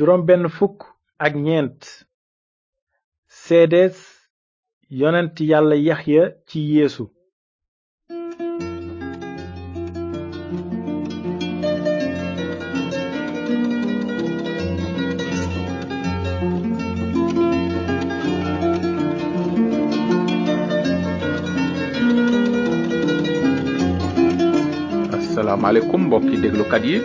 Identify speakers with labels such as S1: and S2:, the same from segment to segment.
S1: juróom benn fukk ak ñeent seedees yonent yàlla yaxya ci yeesu asalaamaaleykum mbokki yi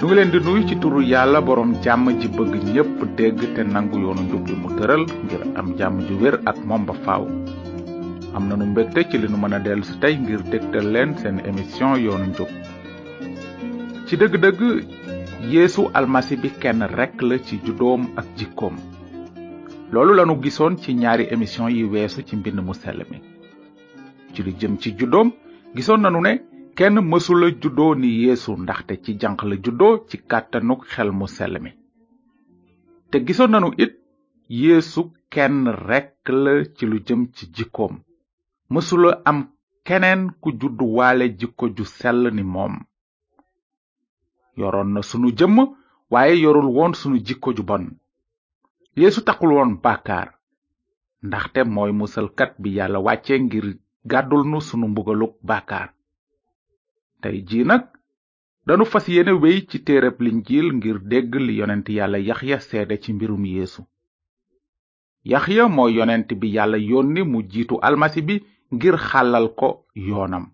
S1: nu ngi leen di nuyu ci turu yàlla boroom jàmm ji bëgg ñépp dégg te nangu yoonu njub bi mu tëral ngir am jàmm ju wér ak moom ba faaw am na nu mbégte ci li nu mën a dellu si tey ngir dégtal leen seen émission yoonu njub ci dëgg-dëgg yéesu almasi bi kenn rekk la ci juddoom ak jikkoom loolu lanu gisoon ci ñaari émission yi weesu ci mbind mu sell mi ci lu jëm ci juddoom gisoon nanu ne kenn mësula juddoo ni yéesu ndaxte ci janq la juddoo ci kàttanu xel mu sell mi te gisoon nanu it yeesu kenn rekk la ci lu jëm ci jikkoom mësula am keneen ku judduwaale jikko ju sell ni moom yoroon na sunu jëmm waaye yorul woon sunu jikko ju bon yéesu taxul woon bàkkaar ndaxte mooy musalkat bi yàlla wàcce ngir gàddul nu sunu mbugaluk bàkkaar tey jii nag danu fas yéene wey ci téereb linjiil ngir dégg li yonent yàlla ya seede ci mbirum yéesu yax ya mooy yonent bi yàlla yónni mu jiitu almasi bi ngir xàllal ko yoonam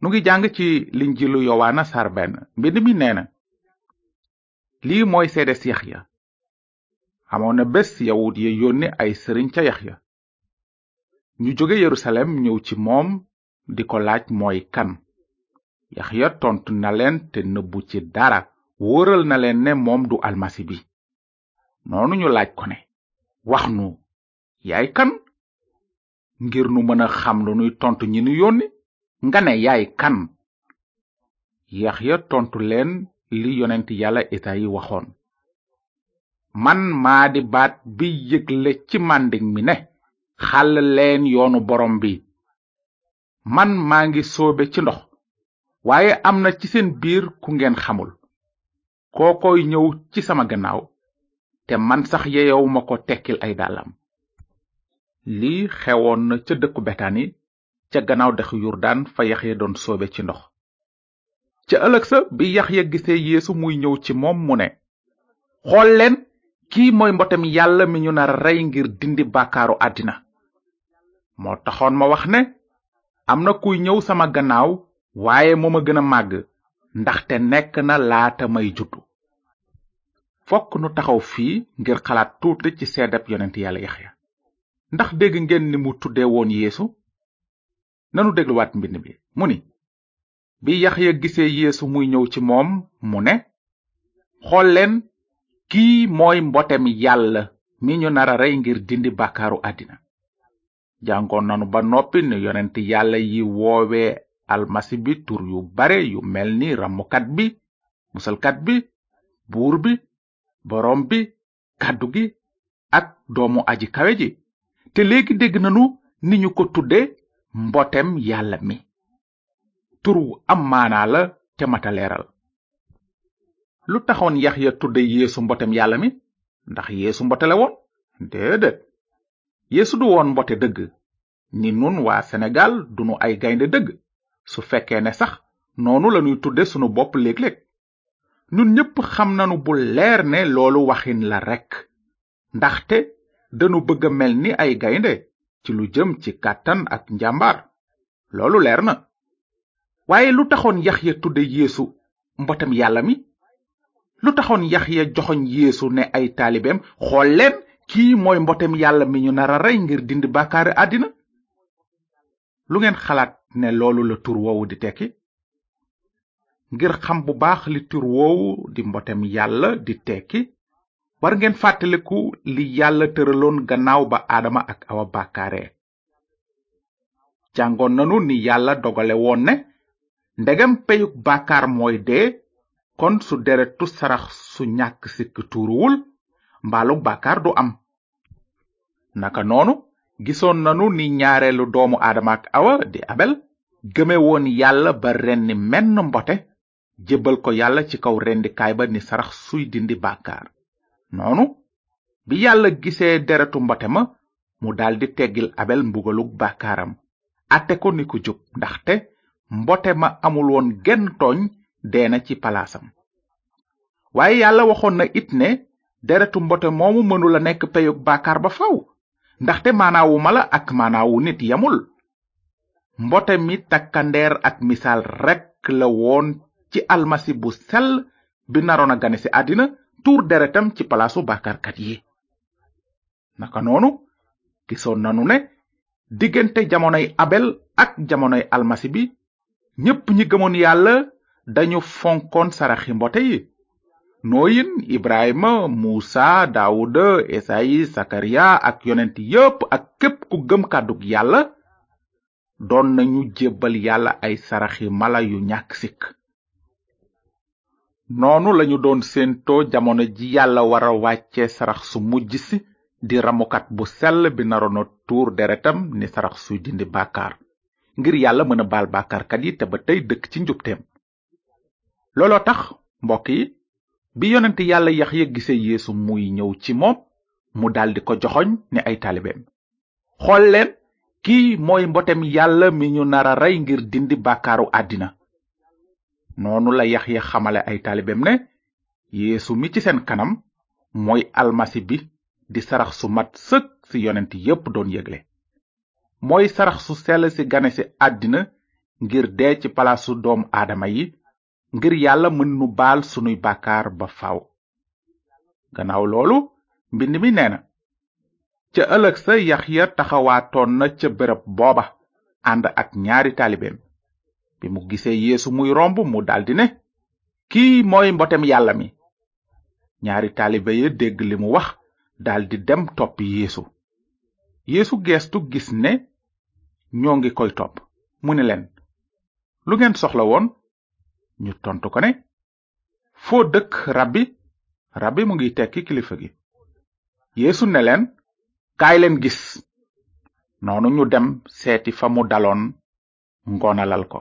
S1: nu ngi jàng ci linjiilu yowaana sar benn mbind mi nee na lii mooy seedes ya amoon na bés yawut ya yónni ay sëriñ ca yaxya ñu jóge yerusalem ñëw ci moom di ko laaj mooy kan yax yaxya tontu na leen te nëbbu ci dara wëral na leen ne moom du almasi bi noonu ñu laaj ko ne wax nu yaay kan ngir nu mën a xam lu nuy tontu ñi nu yónni nga ne yaay kan yaxya tontu leen li yonent yàlla esayi waxoon man maa di baat bi yëgle ci màndig mi ne xàll leen yoonu borom bi man maa ngi soobe ci ndox waaye am na ci seen biir ku ngeen xamul kookoy ñëw ci sama gannaaw te man sax yeyowuma ko tekkil ay dàllam lii xewoon na ca dëkku betani ca gannaaw dexu yurdaan fa yaxya doon soobe ci ndox ca ëllëg sa bi yaxya gisee yeesu muy ñëw ci moom mu ne xool leen kii mooy mbotem yàlla mi ñu nar rey ngir dindi baakaaru àddina moo taxoon ma wax ne am na kuy ñëw sama gannaaw waaye moo ma gën a màgg ndaxte nekk na laata may juddu fokk nu taxaw fii ngir xalaat tuuti ci seedeb yonent yàlla yaxya ndax dégg ngeen ni mu tudde woon yéesu nanu dégluwaat mbind mi mu ni bi yaxya gisee yéesu muy ñëw ci moom mu ne xool leen kii mooy mbotem yàlla mi ñu nara rey ngir dindi bàkkaaru àddina jàngoon nanu ba noppi ne yonent yàlla yi woowee almasi bi tur yu bare yu mel ni ramukat bi musalkat bi buur bi boroom bi kàddu gi ak doomu aji kawe ji te léegi dégg nanu ni ñu ko tudde mbotem yàlla mi turu am maanaa la te mata leeral lu taxoon yaxya tudde yeesu mbotem yàlla mi ndax yeesu mbotale woon déedéet Yeesu du woon mbote dëgg ni nun waa Senegaal dunu ay gaynde dëgg su fekkee ne sax noonu lanuy tudde sunu bopp léeg-léeg nun ñépp xam nanu bu leer ne loolu waxin la rekk ndaxte danu bëgg a mel ni ay gaynde ci lu jëm ci kàttan ak njàmbaar loolu leer na waaye lu taxoon Yaxya tudde Yeesu mbotem yàlla mi lu taxoon Yaxya joxoñ yéesu ne ay taalibeem xool leen kii mooy mbotem yàlla mi ñu nara a rey ngir dindi bàkkaari àddina lu ngeen xalaat ne loolu la tur woowu di tekki ngir xam bu baax li tur woowu di mbotem yàlla di tekki war ngeen fàttaliku li yàlla tëraloon gannaaw ba aadama ak awa bàkkaare jàngoon nanu ni yàlla dogale woon ne ndegam peyug bàkkaar mooy dee kon su deretu sarax su ñàkk sikk tuuruwul mbaalug bàkkaar du am naka noonu gisoon nanu ni ñaareelu doomu aadama ak awa di abel gëme yàlla ba renni menn mbote jébbal ko yàlla ci kaw rendikaay ba ni sarax suy dindi bàkkaar noonu bi yàlla gisee deretu mbote ma mu daldi teggil abel mbugalug bàkkaaram ate ko ni jub ndaxte mbote ma amul woon genn tooñ deena ci palaasam waaye yàlla waxoon na it ne deretu mbote moomu mënula nekk peyug baakaar ba faw ndaxte maanaawu mala ak maanaawu nit yamul mbote mi takkandeer ak misaal rekk la woon ci almasi bu sell bi naroon a gane si àddina tuur deretam ci palaasu bàkkaarkat yi naka noonu gisoon nanu ne diggante jamonoy abel ak jamonoy almasi bi ñépp ñi gëmoon yàlla dañu fonkoon saraxi mbote yi nooyin ibrahima muusa daawuda esayi sakariya ak yonent yépp ak képp ku gëm kàddug yàlla doon nañu jébbal yàlla ay sarax saraxi mala yu ñàkk sikk noonu lañu doon séentoo jamono ji yàlla wara wàcce sarax su mujj si di ramukat bu sell bi naroona tuur deretam ni sarax suy dindi bàkkaar ngir yàlla mëna a baal bàkkaarkat yi te ba tey dëkk ci njubteem looloo tax mbokk bi yonent yàlla yaxya gise yéesu muy ñëw ci moom mu daldi ko joxoñ ne ay taalibeem xool leen kii mooy mbotem yàlla mi ñu nara rey ngir dindi bàkkaaru àddina noonu la yax yaxya xamale ay taalibeem ne yeesu mi ci seen kanam mooy almasi bi di sarax su mat sëkk ci yonent yépp doon yégle mooy sarax su sell ci gane ci àddina ngir dee ci palaasu doomu aadama yi ngir yàlla mën nu baal sunuy bàkkaar ba faw gannaaw loolu mbind mi neena ca ëllëg sa yax yaxya taxawaatoon na ca bërëb booba ànd ak ñaari taalibeem bi mu gisee yéesu muy romb mu daldi ne kii mooy mbotem yàlla mi ñaari taalibe ya dégg li mu wax daldi dem topp yéesu yéesu geestu gis ne ñoo ngi koy topp mu ni leen lu ngeen soxla woon ñu tontu ko ne foo dëkk rabbi rabbi mu ngi tekki kilifa gi yeesu ne leen kaay leen gis noonu ñu dem seeti fa mu daloon ngoonalal ko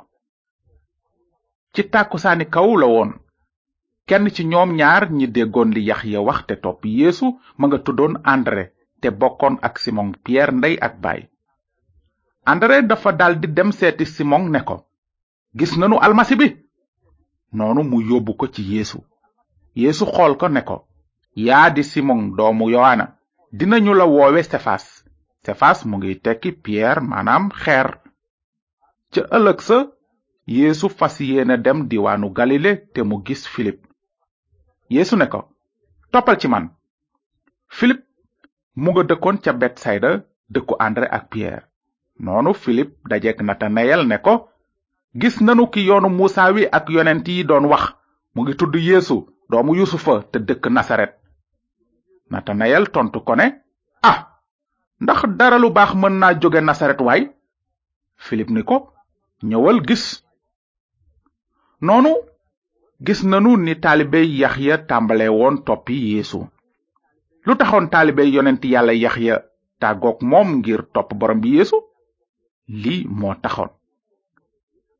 S1: ci tàkkusaani kaw la woon kenn ci ñoom ñaar ñi déggoon li Yaxya wax te topp yéesu ma nga tuddoon André te bokkoon ak Simon Pierre ndey ak baay André dafa daldi dem seeti Simon ne ko gis nanu almasi bi noonu mu yóbbu ko ci yeesu yeesu xool ko ne ko yaa di simon doomu yowaana dinañu la woowe sefaas sefaas mu ngi tekki piyeer maanaam xeer ca ëllëg sa yeesu fas yéena dem diwaanu galile te mu gis filip yésu ne ko toppal ci man filip mu nga dëkkoon ca betsayda dëkku andre ak piyeer noonu filip dajeek natanayel ne ko gis nanu ki yoonu muusa wi ak yonent yi doon wax mu ngi tudd yeesu doomu yusufa te dëkk nasaret natanayel tontu ko ne ah ndax dara lu baax mën naa jóge nasaret waay filip ni ko ñëwal gis noonu gis nanu ni taalibe yaxya tàmbale woon toppi yésu lu taxoon taalibe yonent yàlla yaxya tàggoog moom ngir topp borom bi yeesu lii moo taxoon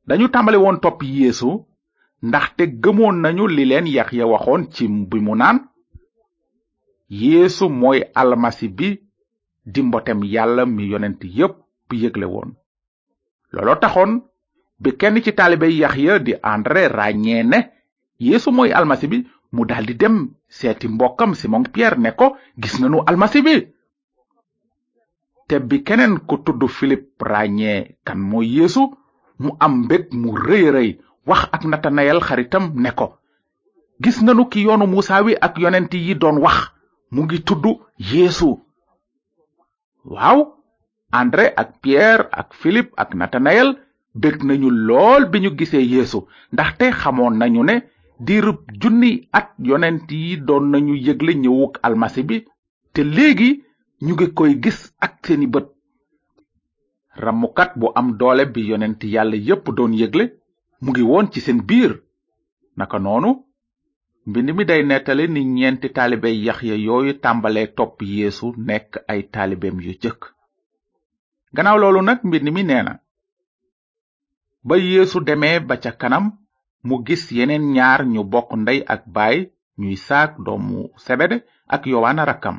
S1: dañu tàmbali woon yéesu ndax te gëmoon nañu li leen yaxya waxoon ci bi mu naan yéesu mooy almasi bi di mbotem yàlla mi yonent yépp yëgle woon looloo taxoon bi kenn ci taalibe yaxya di andre ràññee ne yéesu mooy almasi bi mu daldi dem seeti mbokkam simon pierre ne ko gis nañu almasi bi te bi keneen ku tudd philippe ràññee kan mooy yeesu mu am mbég mu rëy rëy wax ak natanayel xaritam ne ko gis nanu ki yoonu muusa wi ak yonent yi doon wax mu ngi tudd yeesu waaw andré ak pierre ak philippe ak natanayel bég nañu lool bi ñu gisee yéesu ndaxte xamoon nañu ne diirub junni at yonent yi doon nañu yëgle ñëwuk almasi bi te léegi ñu ngi koy gis ak seeni bët ramukat bu am doole bi yonent yàlla yépp doon yégle mu ngi woon ci seen biir naka noonu mbind mi day nettali ni ñeenti taalibe yaxya yooyu tàmbalee topp yéesu nekk ay taalibeem yu jëkk gannaaw loolu nag mbind mi nee ba yéesu demee ba ca kanam mu gis yeneen ñaar ñu bokk ndey ak baay ñuy saak doomu sebede ak yowaana rakkam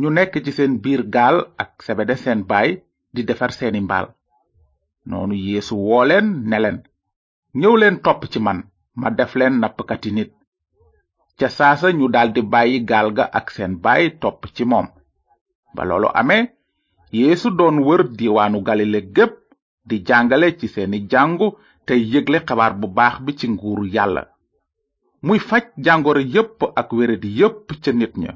S1: ñu nekk ci seen biir gaal ak sebede seen baay di defar seeni mbaal noonu yéesu woo leen ne leen ñëw leen topp ci man ma def leen nappkati nit ca saasa ñu daldi bàyyi gaal ga ak seen bàyyi topp ci moom ba loolu amee yéesu doon wër diwaanu galile gépp di jàngale ci seeni jàngu tey yëgle xabaar bu baax bi ci nguur yàlla muy faj jàngoro yépp ak wéradi yépp ca nit ña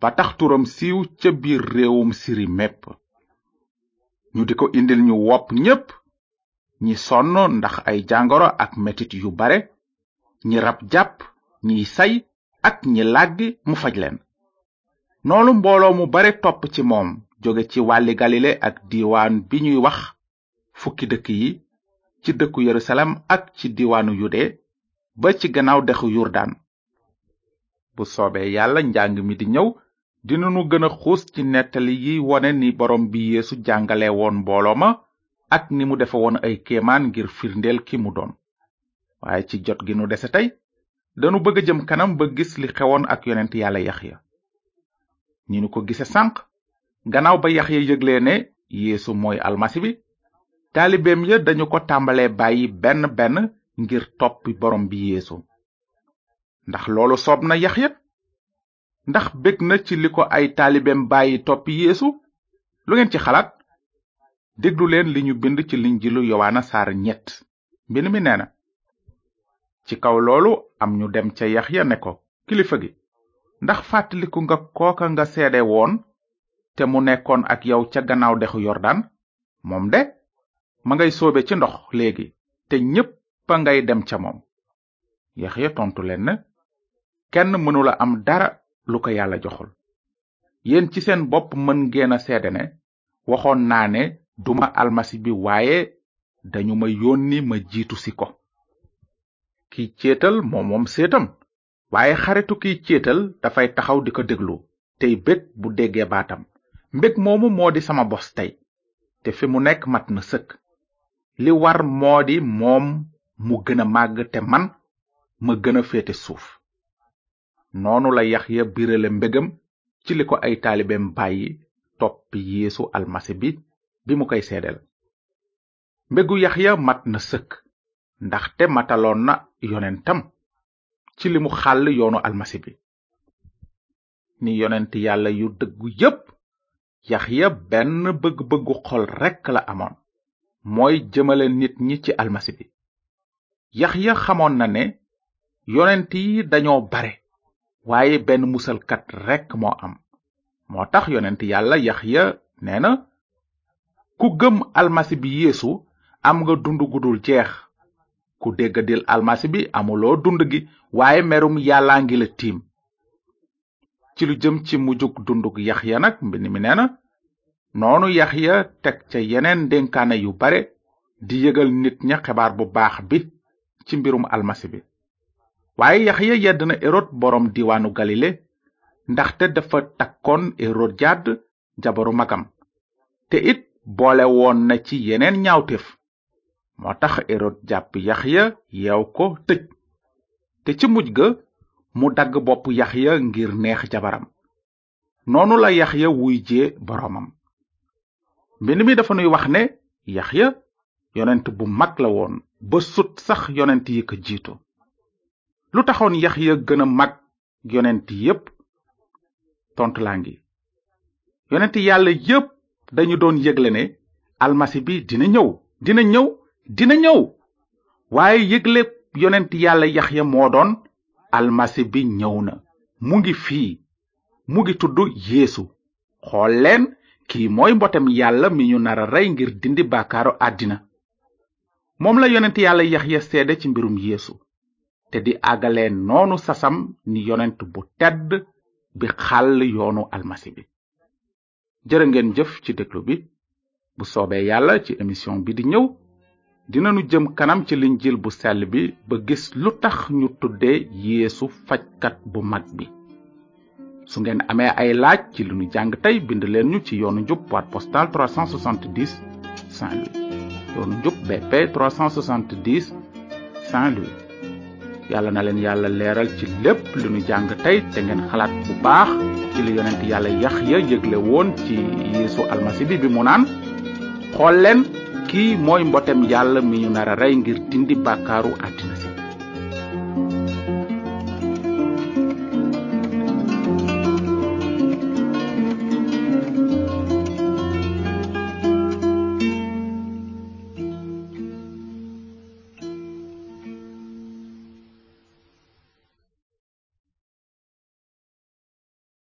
S1: ba tax turam siiw ca biir réewum siri mépp ñu di ko indil ñu wopp ñépp ñi sonn ndax ay jàngoro ak metit yu bare ñi rab jàpp ñiy say ak ñi làggi mu faj leen noonu mbooloo mu bare topp ci moom jóge ci wàlli galile ak diwaan bi ñuy wax fukki dëkk yi ci dëkku yerusalem ak ci diiwaanu yude ba ci gannaaw dexu yurdaan bu soobee yàlla njàng mi di ñëw dinanu gën a xuus ci nettali yi wone ni borom bi yéesu jàngale woon mbooloo ma ak ni mu defe woon ay kéemaan ngir firndeel ki mu doon waaye ci jot gi nu dese tey danu bëgg jëm kanam ba gis li xewoon ak yonent yàlla ya ni nu ko gise sànq gannaaw ba yaxya yëgle ne yéesu mooy almasi bi taalibeem ya dañu ko tàmbalee bàyyi benn benn ngir toppi borom bi yeesu ndax loolu soob na yaxya ndax bég na ci li ko ay taalibeem bàyyi topp yéesu lu ngeen ci xalaat déglu leen li ñu bind ci linjilu yowaana saar ñett mbind mi nee na ci kaw loolu am ñu dem ca yaxya ne ko kilifa gi ndax fàttaliku nga kooka nga seede woon te mu nekkoon ak yow ca gannaaw dexu yordaan moom de ma ngay soobe ci ndox léegi te ñépp a ngay dem ca moom yaxya tontu leen ne kenn mënula am dara lu ko yàlla joxul yéen ci seen bopp mën ngeen a seede ne waxoon naa ne duma almasi bi waaye dañu ma yónni ma jiitu si ko ki céetal moomoom seetam waaye xaritu kiy céetal dafay taxaw di ko déglu tey bég bu déggee baatam mbég moomu moo di sama bos tey te fi mu nekk mat na sëkk li war moo di moom mu gën a màgg te man ma gën a féete suuf noonu la yaxya birale mbégam ci li ko ay taalibeem bàyyi topp yéesu almasi bi bi mu koy seedeel mbégu yaxya mat na sëkk te mataloon na yonentam ci li mu xàll yoonu almasi bi ni yonent yàlla yu dëggu yépp yaxya benn bëgg-bëggu xol rekk la amoon mooy jëmale nit ñi ci almasi bi yaxya xamoon na ne yonent yi dañoo bare waaye benn musalkat rekk moo am moo tax yonent yàlla yaxya nee na ku gëm almasi bi yeesu am nga dund gudul jeex ku déggadil almasi bi amuloo dund gi waaye merum yàllaa ngi la tiim ci lu jëm ci mujjug dundug yaxya nag mbind mi nee na noonu yaxya teg ca yeneen dénkaane yu bare di yëgal nit ña xibaar bu baax bi ci mbirum almasi bi waaye yaxya yedd na erod boroom diwaanu galile ndaxte dafa takkoon jàdd jabaru magam te it boole woon na ci yeneen ñaawteef moo tax erod jàpp ya yeew ko tëj te ci mujj ga mu dagg bopp ya ngir neex jabaram noonu la yaxya wuy jee boroomam mbind mi dafa nuy wax ne ya yonent bu mag la woon ba sut sax yonent yi ko jiitu lu taxoon Yaxya gën mag yonent yépp tontu laa ngi yonent yàlla yépp dañu doon yëgle ne almasi bi dina ñëw dina ñëw dina ñëw waaye yëgle yonent yàlla Yaxya moo doon almasi bi ñëw na mu ngi fii mu ngi tudd Yeesu xool leen kii mooy mbotem yàlla mi ñu nara rey ngir dindi baakaaru àddina moom la yonent yàlla Yaxya seede ci mbirum Yeesu te di àggalee noonu sasam ni yonent bu tedd bi xàll yoonu almasi bi jërë ngeen jëf ci déglu bi bu soobee yàlla ci émission bi di ñëw dinanu jëm kanam ci linjil bu sell bi ba gis lu tax ñu tudde yéesu fajkat bu mag bi su ngeen amee ay laaj ci li nu jàng tey bind leen ñu ci yoonu njub boîte postale 370 Saint-Louis yoonu njub BP Saint-Louis yàlla na leen yàlla leeral ci lépp lu ñu jàng tey te ngeen xalaat bu baax ci li yonent yàlla Yaxya yëgle woon ci Yeesu almasi bi bi mu naan xool leen kii mooy mbotem yàlla mi ñu nar a rey ngir dindi bàkkaaru àddina